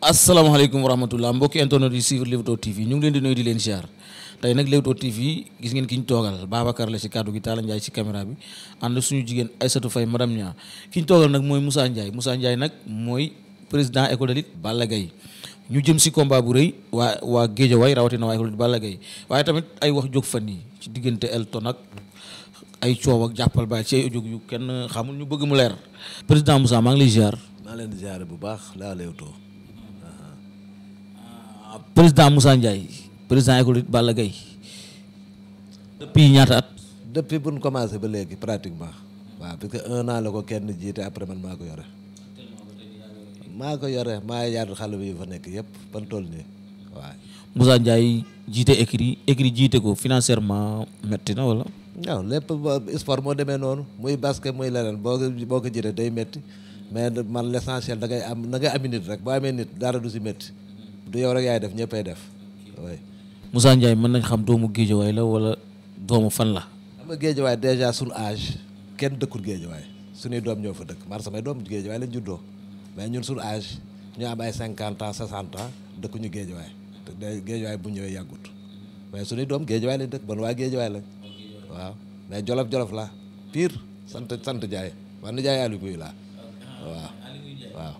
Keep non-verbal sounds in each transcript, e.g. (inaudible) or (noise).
asalaamaaleykum wa rahmatulah mbokki internet yi suivre Leewtoo TV ñu ngi leen di nuyu di leen ziar tey nag Leewtoo TV gis ngeen ki ñu toogal Babacar la ci kàddu gi Talla Ndiaye ci caméra bi ànd suñu jigéen Aïssatou Faye madame Nia ki ñu toogal nag mooy Moussa Ndiaye Moussa Ndiaye nag mooy président école de lutte Balla Gaye ñu jëm si combat bu rëy waa waa Géejawaay rawatina waa école de lutte Balla Gaye waaye tamit ay wax jóg fan yi ci diggante Elton ak ay coow ak jàppal baay jóg yu kenn xamul ñu bëgg mu leer président Moussa maa ngi lay ziar. maa leen di ziar bu baax laa Leewtoo président Moussa Ndiaye président école Balla Gaye depuis ñaata at. depuis bu ñu commencé ba léegi pratiquement. waa parce que un an la ko kenn jiite après man maa ko yore. maa ko yore maa yaatu xale bi yu fa nekk yëpp ban tool nii waaw. Moussa Ndiaye jiite écrit écrit jiite ko financièrement metti na wala. waaw lépp sport moo demee noonu muy basket muy leneen boo ko boo ko jiite day métti mais man l' essentiel da ngay am da ngay am nit rek boo amee nit dara du si métti. du yow rek yaay def ñëppay def oui. Moussa Ndiaye mën nañ xam doomu géejawaay la walla doomu fan la. xam nga géejawaay dèjà sun âge kenn dëkkul géejawaay suñuy doom ñoo fa dëkk man samay doom géejawaay lañ juddoo mais ñun suñu âge ñu am ay cinquante ans soixante ans dëkkuñu géejawaay te géejawaay bu ñëwee yàggut mais suñuy doom géejawaay lañ dëkk ban waa géejawaay lañ waaw mais jolof jolof la pire sant sant Ndiaye man Ndiaye Aliou laa waaw waaw.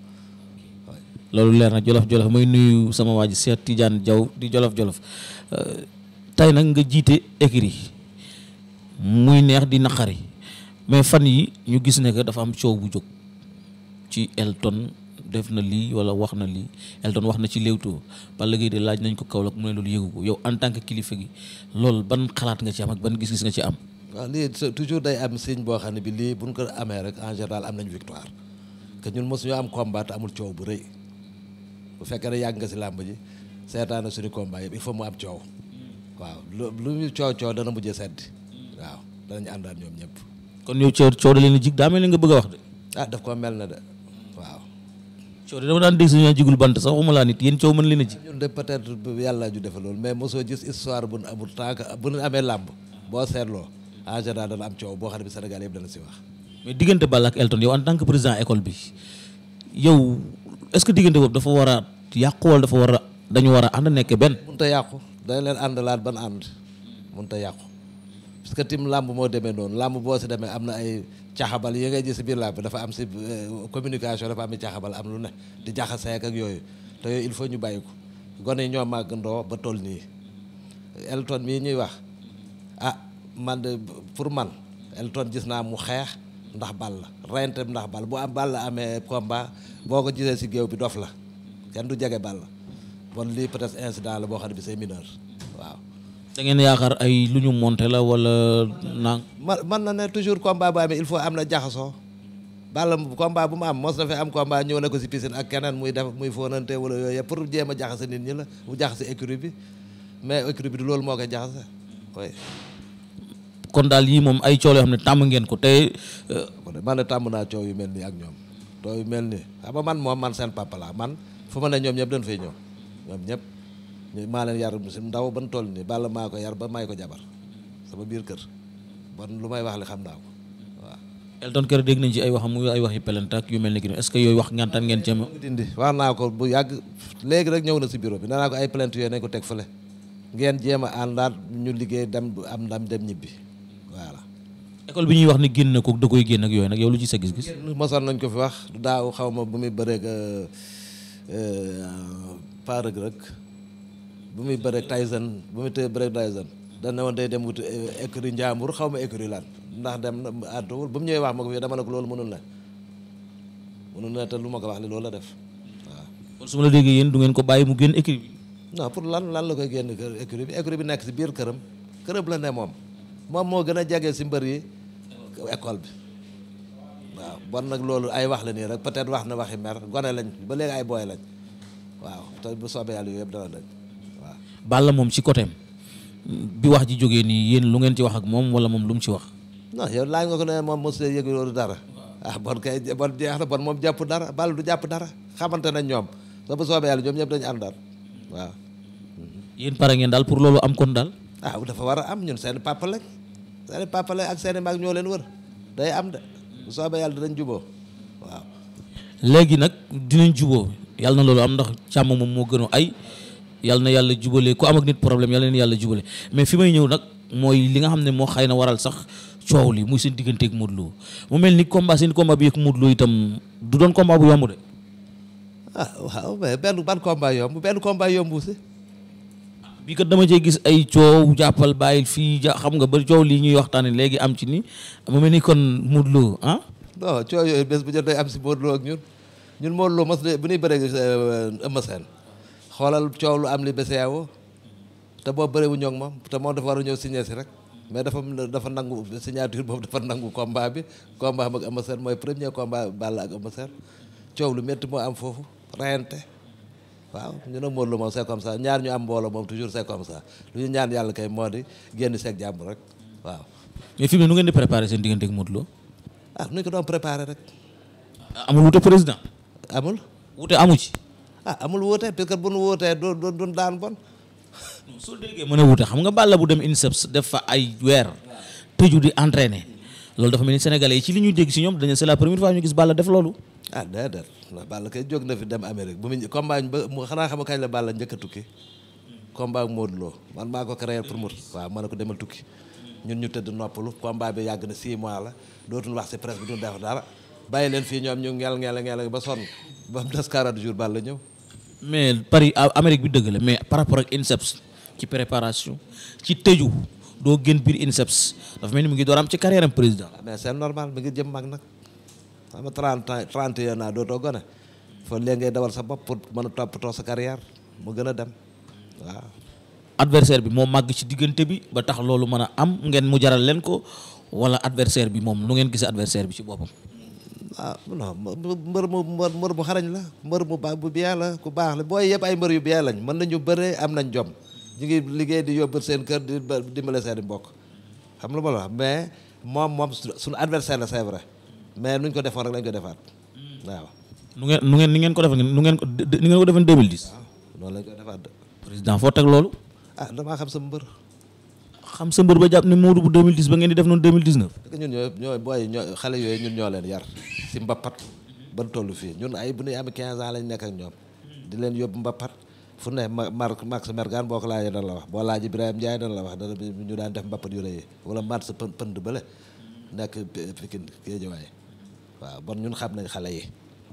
loolu leer na jolof-jolof mooy nuyu sama waa ji Seex Tijaan Jaw di jolof-jolof euh, tey nag nga jiite écrit muy neex di naqari mais fan yi ñu gis ne que dafa am coow bu jóg ci Elton def na lii wala wax na lii Elton wax na ci Leewtoo Balla Gaye de laaj nañ ko Kaolack mu ne loolu yëgu ko yow en tant que kilifa gi loolu ban xalaat nga ci am ak ban gis-gis nga ci am. waaw toujours day am signe boo xam ne bi lii buñ ko amee rek en général am nañ victoire que ñun mosuñu am combat amul coow bu rëy. bu fekkee ne yàgg nga si làmb ji seetaana suñu combat yëpp il faut mu am coow waaw lu ñu coow coow dana mujjee sedd waaw danañu àndaat ñoom ñëpp. kon yow coow coow da leen di jig daa mel nga bëgg wax de. Ah, ko mel na de waaw. coow de dama daan dégg si ñu jigul bant sax waxuma laa nit yéen coow mën leen a ji. ñun de peut-être yàlla ju defe loolu mais mosoo gis histoire bu nu amee làmb boo seetloo en général dana am coow boo xam ne Sénégal yëpp dana si wax. mais diggante Balla ak Elton yow en tant que président école bi yow est-ce que diggante boobu dafa war a yàqu wala dafa war a dañu war a ànd nekk benn. mënut a yàqu dañ leen ànd laat ban ànd mënut a yàqu parce que tim làmb moo demee noonu làmb boo si demee am na ay caxabal yi ngay gis si biir làmb dafa am si euh, communication dafa am i caxabal am lu ne di jaxasee ak yooyu te yooyu il faut ñu bàyyi ko gone yi ñoo màggandoo ba toll nii Elton mii ñuy wax ah man de pour man Elton gis naa mu xeex. ndax bal la reyante ndax bal bu am bal la amee combat boo ko gisee si géew bi dof la kenn du jege bal la bon lii peut être incident la boo xam ne bi c'est mineur waaw. da ngeen yaakaar ay lu ñu monté la walla naan. man man na ne toujours combat bu amee il faut am na jaxasoo balla combat bu mu am mos na fi am combat ñëw na ko si piscine ak keneen muy def muy fóonante wala yooyu yëpp pour jéem a jaxase nit ñi la bu jaxase écurie bi mais écurie bi du loolu moo koy jaxase oui. kon daal yii moom ay coow xam ne tàmm ngeen ko tey. Euh, man de tàmm naa coow yu mel nii ak ñoom coow yu mel nii xam nga man moom man seen papa man fu ma ne ñoom ñëpp dañ fay ñëw ñoom ñëpp maa leen yar si ndaw ban toll nii bala maa ko yar ba may ko jabar sama biir kër bon lu may wax li xam naa ko waaw. Elton Kër dégg nañ ci ay wax muy ay wax waxi pelent ak yu mel ni ki est-ce que yooyu wax ngantaan ngeen cee dindi wax naa ko bu yàgg rek ñëw na si bureau bi nee naa ko ay plainte ko teg fële ngeen jéem a àndaat ñu liggéey dem am ndam dem ñibbi. voilà. ecole bi ñuy wax ni génn na ko da koy génn ak yooyu nag yow lu ci sa gis-gis. mosoon nañ ko fi wax daaw xaw ma bu muy bëreeg euh, euh, pas rëg rëg bu muy bëreeg Tyson bu muy tëye bëreeg Tyson dañ ne woon day dem wuti euh, écurie Njàmbur xaw ma écurie lan ndax dem na àdduwul bu mu ñëwee wax ma ko fii dama ne loolu mënul na mënul na te lu ma ko wax li loolu la def waa kon su ma la déggee yéen du ngeen ko bàyyi mu génn écurie bi. non pour lan lan la koy génn écurie bi écurie bi nekk si biir këram këram la ne moom. moom moo gën a jege si mbër yi école bi waaw bon nag loolu ay wax la nii rek peut-être wax na waxi mer gone lañ ba léegi ay booy lañ waaw te bu soobee yàlla yooyu yëpp dana lañ waaw. Balla moom ci côté bi wax ji jógee nii yéen lu ngeen ci wax ak moom wala moom lu mu ci wax. non yow laaj moom mos yëg loolu dara. ah bon kay bon jeex na moom jàpp dara Balla du jàpp dara xamante nañ ñoom te bu soobee yàlla ñoom ñëpp dañu àndal waaw. yéen pare ngeen daal pour loolu am kon daal. ah dafa war a am ñun seen papa lañ. seeni papa ak seeni mag ñoo leen wër day am de bu soobee yàlla dinañ juboo waaw léegi nag dinañ juboo yàlla na loolu am ndax càmm moom moo gënoo ay yàlla na yàlla jubale ku am nit problème yàlla na yàlla jubale mais fi may ñëw nag mooy li nga xam ne moo xëy na waral sax coow li muy seen digganteeg Modou Lo mu mel ni combat seen combat bi ak Modou Lo itam du doon combat bu yomb de ah benn ban combat yomb benn combat yombu si bii kat dama cee gis ay coow jàppal bàyyil fii ja xam nga ba coow lii ñuy waxtaanee léegi am ci nii mu mel ni kon Modou Lo ah. non coow yooyu bés bu jot day am si Modou loo ak ñun ñun Modou Lo mas bu ñuy bëree euh, Eumeu Sène xoolal coow lu am li BCEAO te boo bërewu wu ñoog te moom dafa war a ñëw signé si rek mais dafa dafa nangu signature boobu dafa nangu combat bi combat am ak Eumeu Sène mooy premier combat Balla ak Eumeu Sène coow lu metti moo am foofu rayante waaw ñu ne Modou Lo moom c'est comme ça ñaar ñu am mbooloo moom toujours c'est comme ça lu ñu ñaan yàlla kay moo di génn seeg jàmm rek waaw. mais fi mu ne nu ngeen di préparé seen diggante ak Modou Lo. ah nu ñu ko doon préparé rek. Ah, amul wuute président. amul. wuute amu ci. ah amul wuute parce que bu nu wuutee du du daan bon. (laughs) soo déggee mën a wuute xam nga la bu dem INSEPS def fa ay weer tëju di entraîner loolu dafa mel ni sénégalais yi ci li ñu dégg si ñoom dañ c'est la première fois ñu gis Balla def loolu. ah déedéet ndax Balla kay jóg na fi dem Amérique bu mu combat ba mu xanaa xam kañ la Balla tukki. combat ak Modou Lo man maa pour mu waaw ko demal tukki. ñun ñu tëdd noppalu combat bi yàgg na 6 mois la dootuñu wax si presse bi duñu bàyyi leen fii ñoom ñu ngel ngel ngel ba sonn ba mu des 40 jours Balla ñëw. mais Paris ah, dëgg mais par rapport ak INSEPS ci préparation ci tëju doo gën biir INSEPS dafa mel ni mu ngi door am ci carrière am président. Ah, ngi jëm mag nag. xam nga trente ans trente et un ans dootoo gone fa léegi dawal sa bopp pour mën a toppatoo sa carrière mu gën a dem waaw. adversaire bi moo màgg ci diggante bi ba tax loolu mën a am ngeen mu jaral leen ko wala adversaire bi moom lu ngeen gis adversaire bi ci boppam. ah non mbër mu mbër mu xarañ la mbër mu baax bu bien la ku baax la booy yëpp ay mbër yu bien lañ mën nañu bëree am nañ jom ñu ngi liggéey di yóbbu seen kër di dimbale seen mbokk xam lu ma la wax mais moom moom su suñu adversaire la c'est mais nuñ ko defoon rek lañ ko defaat waaw. nu ngeen nu ngeen ni ngeen ko defee nu ngeen ko ni ngeen ko defee 2010. waaw noonu lañ ko defaat. président foo teg loolu. ah damaa xam sa mbër. xam sa mbër ba jàpp ne Modou bu 2010 ba ngeen di def noonu 2019. parce que ñun ñoo ñoo booy ñoo xale yooyu ñun ñoo leen yar si mbapat ba tollu fii ñun ay bu ñuy am 15 ans lañ nekk ak ñoom. di leen yóbbu mbapat fu ne Marc Max Mergan boo ko laajee dana la wax la wax dana ñu daan def mbapat yu rëy wala Mats Pënd Pënd bële nekk Pikine waaw bon ñun xam nañ xale yi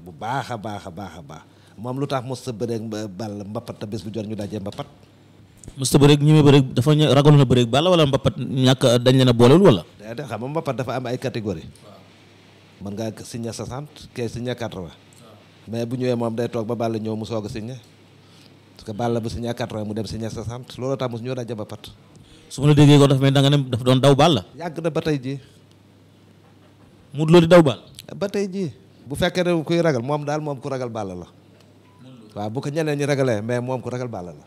bu baax a baax a baax a baax moom lu tax mos sa bëreeg bàll mbapat te bés bu jor ñu dajee mbapat musta bëreeg ñi may bëreeg dafa ragaloon a bëreeg bàll wala mbapat ñàkk dañ leen a wala xam nga mbapat dafa am ay catégorie mën ngaa signé 60 kee signé 80 mais bu ñëwee moom day toog ba bàll ñëw mu soog a signé parce que bàll bu signé 80 mu dem signé 60 loolu tax mos ñoo daje mbapat su ma ne déggee ko dafa mel da nga ne dafa doon daw bàll yàgg na ba tey ji mu loolu di daw bàll ba tey jii bu fekkee ne kuy ragal moom daal moom ku ragal Balla la waaw bu ko ñeneen ñi ragalee mais moom ku ragal Balla la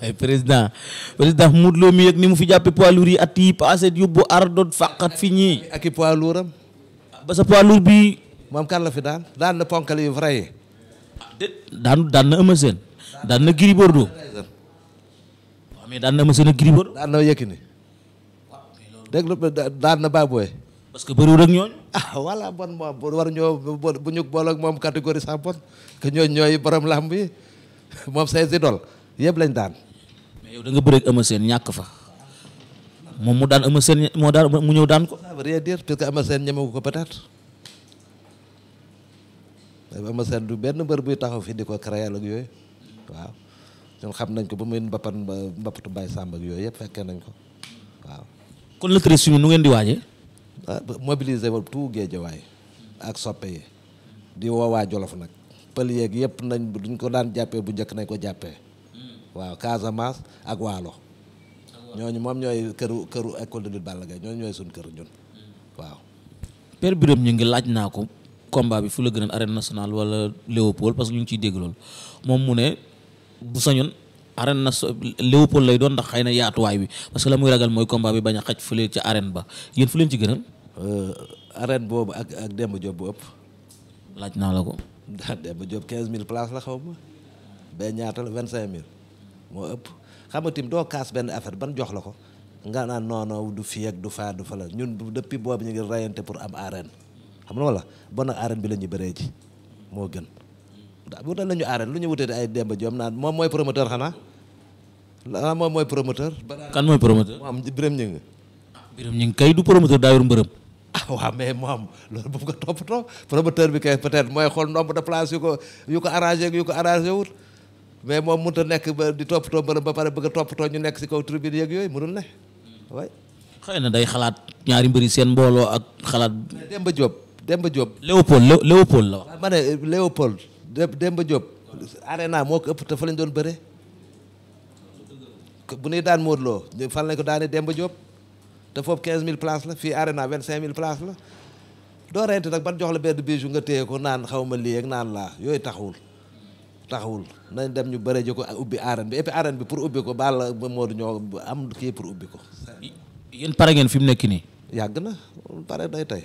(laughs) président président Modou Lo mi yëg ni mu fi jàppee poids lourd yi at yi passé yóbbu ardoot fàqat fi ñii ak i poids lourd ba sa poids lourd bi moom kan la fi daan daan na ponkal yu vrai yi daan daan daan na Gris Bordeaux mais daan na Eumeu Sène ak Gris daan na Yékini parce que bëriwul ak ñooñu. (laughs) ah voilà bon moom war ñoo bu ñu boole ak moom catégorie sans bon que ñooñu ñooy borom làmb yi (laughs) moom say idol yëpp lañ daan. mais yow da nga bëreeg Eumeu Sène ñàkk fa moom mu daan Eumeu Sène moo daan mu ñëw daan ko. ça veut seen dire ko peut-être Eumeu Sène du benn mbër buy taxaw fi di ko créer ak yooyu waaw ñun xam nañ ko ba muy mbappat mbappatu Baye Samb ak yooyu yëpp fekkee nañ ko waaw. kon le treize juillet nu ngeen di waajee. mobiliser wa tout géejawaay ak soppe yi di woowaa jolof nag pël yéeg yëpp nañ duñ ko daan jàppee bu njëkk nañ ko jàppee waaw Casamance ak waalo ñooñu moom ñooy këru këru école de lutte Balla Gaye ñooñu ñooy suñ kër ñun waaw per Birame ñu ngi laaj naa ko combat bi fu la gënoon arène nationale wala Léopold parce que ñu ngi ciy dégg loolu moom mu ne bu sañoon arène na Léopold lay doon ndax xëy na yaatuwaay bi parce que la muy ragal mooy combat bi bañ a xaj fële ca arène ba yéen fu leen ci gënal. Euh, arène boobu ak ak Demba Diop bu ëpp. laaj naa la ko. ndax Demba Diop 15000 places la xaw ma. ñaata la 25000. moo ëpp xam doo kaas benn affaire ban jox la ko. nga naan non non du fii ak du faa du fa la ñun depuis boobu ñu ngi rayante pour am arène xam nga wala bon nag arène bi la ñuy bëree ji moo gën. ndax wutal nañu arène lu ñu wutee ay Demba Diop naan moom mooy promoteur xanaa. la moom mooy promoteur. kan mooy promoteur. mu am Birame Ngingue. kay du promoteur daa mbërëm. ah mais moom loolu bu ko toppatoo promoteur bi kay peut-être mooy xool nombre de place yu ko yu ko arrangé yu ko arrangé wut. mais moom mënut a nekk ba di toppatoo mbërëm ba pare bëgg a toppatoo ñu nekk si kaw tribune yeeg yooyu mënul ne waay. xëy na day xalaat ñaari mbëri seen mbooloo ak xalaat. Demba Diop Demba Diop. Léopold la wax. ma ne Léopold Demba Diop. arena moo ko ëpp te fa lañ bu ñuy daan Modou Lo fan lañ ko daanee Demba Diop te foofu 15000 places la fii Arena 25000 places la doo rente ban jox la benn bijou nga téye ko naan xaw ma lii ak naan laa yooyu taxawul taxawul nañ dem ñu bëre ji ko ubbi arène bi et puis bi pour ubbi ko Balla Modou ñoo am kii pour ubbi ko. yéen pare ngeen fi mu nekk nii. yàgg na pare day tey.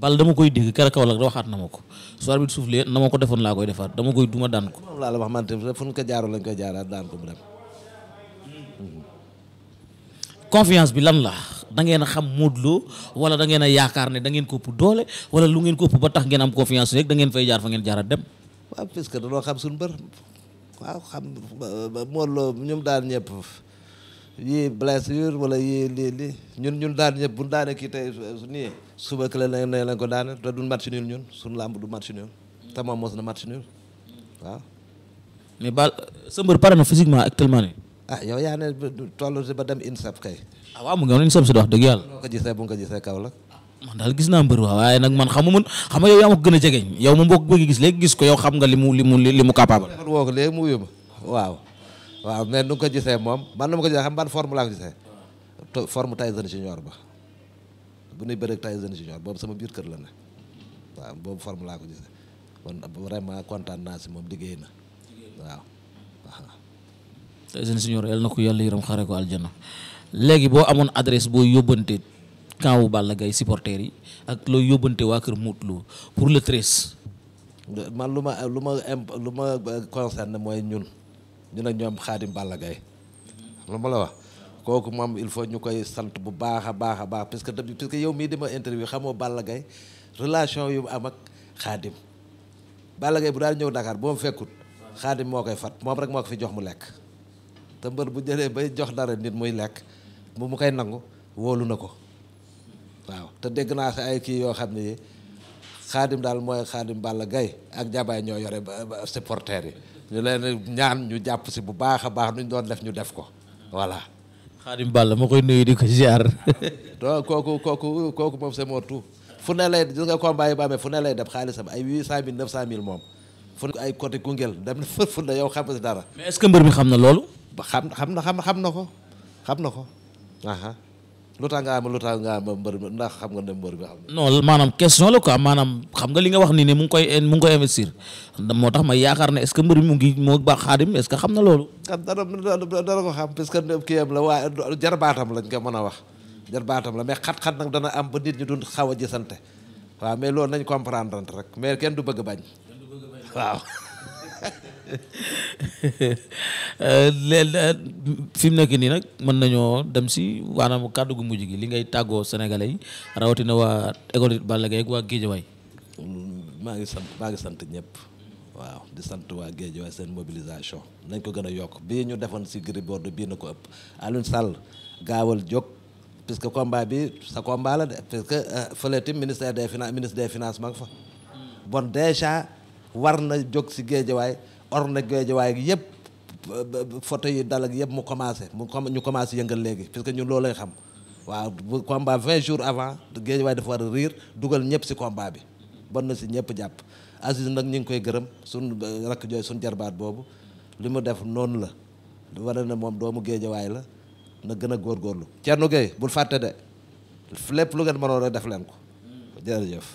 Balla dama koy dégg keroog Kaolack waxaat na ma ko su arbitre soufflé na ma ko defoon laa koy defaat dama koy duma daan ko. moom ko jaaroo lañ koy jaaraat daan ko mu dem. confiance bi lan la da ngeen a xam Modou Lo wala da ngeen a yaakaar ne da ngeen ko ëpp doole wala lu ngeen ko ëpp ba tax ngeen am confiance rek da ngeen fay jaar fa ngeen jaaraat dem. waaw parce que dañoo xam suñu bër waaw xam Modou Lo ñoom daal ñëpp yii blessure wala yii lii ñun ñun daal ñëpp bu ñu daanee kii tey su nii suba kële lañ lañ ko daane te du match nul ñun suñu làmb du match nul te moom mos na match nul waaw. mais Ba sa mbër pare na physiquement actuellement nii. ah yow yaa ne si ba dem INSEP kay. ah waaw mu ngi woon INSEP si wax dëgg yàlla. bu ko gisee bu nga ko gisee kaw la. man daal gis naa mbër waaw waaye nag man xamu mun xam nga yow yaa ma ko gën a jegeñ yow moom boo ko gis léegi gis ko yow xam nga li mu li mu li mu capable. woo ko léegi mu wuyu ma waaw. waaw mais nu nga ko gisee moom man nu ma ko gisee xam ban forme laa ko formu forme Tyson Junior ba bu nuy bëreeg Tyson Junior boobu sama biir kër la ne waaw boobu forme laa ko gisee kon vraiment kontaan naa si moom liggéey na waaw. te seen senior yal na ko yàlla yërëm xare ko aljana léegi boo amoon adresse boo yóbbante camp Balla Gaye supporters yi ak loo yóbbante waa kër Modou Lo pour le treize. man lu ma lu ma lu ma concerné mooy ñun ñun ak ñoom xaadim Balla Gaye lu ma la wax kooku moom il faut ñu koy sant bu baax a baax a baax parce que parce que yow mii di ma interview xamoo Balla Gaye relation yu am ak xaadim Balla bu daal ñëw Dakar boo mu fekkut xaadim moo koy fat moom rek moo ko fi jox mu lekk. te mbër bu jëlee bay jox dara nit muy lekk bu mu koy nangu wóolu na ko waaw te dégg naa si ay kii yoo xam ne yi xaadim daal mooy xaadim Balla Gaye ak jabaay ñoo yore supporter yi ñu leen ñaan ñu jàpp si bu baax a baax nuñ doon def ñu def ko voilà xaadim Balla ma koy nuyu di ko ziar (laughs) do kooku kooku kooku moom c'est mon tout fu ne lay gis nga combat yi ba amee fu ne lay def xaalisam ay huit cent mille neuf cent mille moom fu ay côté Koungheul dem na fër fu ne yow xam si dara mais est mi xam na xam xam na xam xam na ko xam na ko aha lu tax nga am lu tax nga am mbër ndax xam nga ne mbër bi am non maanaam question la quoi maanaam xam nga li nga wax nii ne mu ngi koy mu ngi koy investir moo tax ma yaakaar ne est ce que mbër mi mu ngi moo baax xaadim est ce que xam na loolu dana dana ko xam parce que kii am la waaye jarbaatam lañ ko mën a wax jarbaatam la mais xat-xat nag dana am ba nit ñi dund xaw a gisante waaw mais loolu nañ comprendre rek mais kenn du bëgg bañ waaw (laughs) Euh, fi mu nekk nii nag mën nañoo dem si waanaam kàddu gu mujj gi li ngay tàggoo sénégalais yi rawatina waa école Balla Gaye ak waa Guédiawaye maa ngi sant maa ngi sant ñëpp waaw di sant waa Guédiawaye seen mobilisation nañ ko gën a yokk bii ñu defoon si Gris bii na ko ëpp Alioune Sall gaawal jóg que combat bi sa combat la de parce que euh, fële ministère des finances ministre des finances ma fa bon déjà war na jóg si Guédiawaye or na Guédiawaye yëpp photo yi dal ak yëpp mu commencé mu ñu commencé yëngal léegi parce que ñun loolay xam waaw bu combat 20 jours avant Guédiawaye dafa war a riir dugal ñëpp si combat bi bon na si ñëpp jàpp Aziz nag ñu ngi koy gërëm suñ rakk jooy suñ jarbaat boobu li mu def noonu la lu war ne moom doomu Guédiawaay la na gën a góorgóorlu Thierno Gueye bul fàtte de lépp lu ngeen mënoon rek def leen ko jëf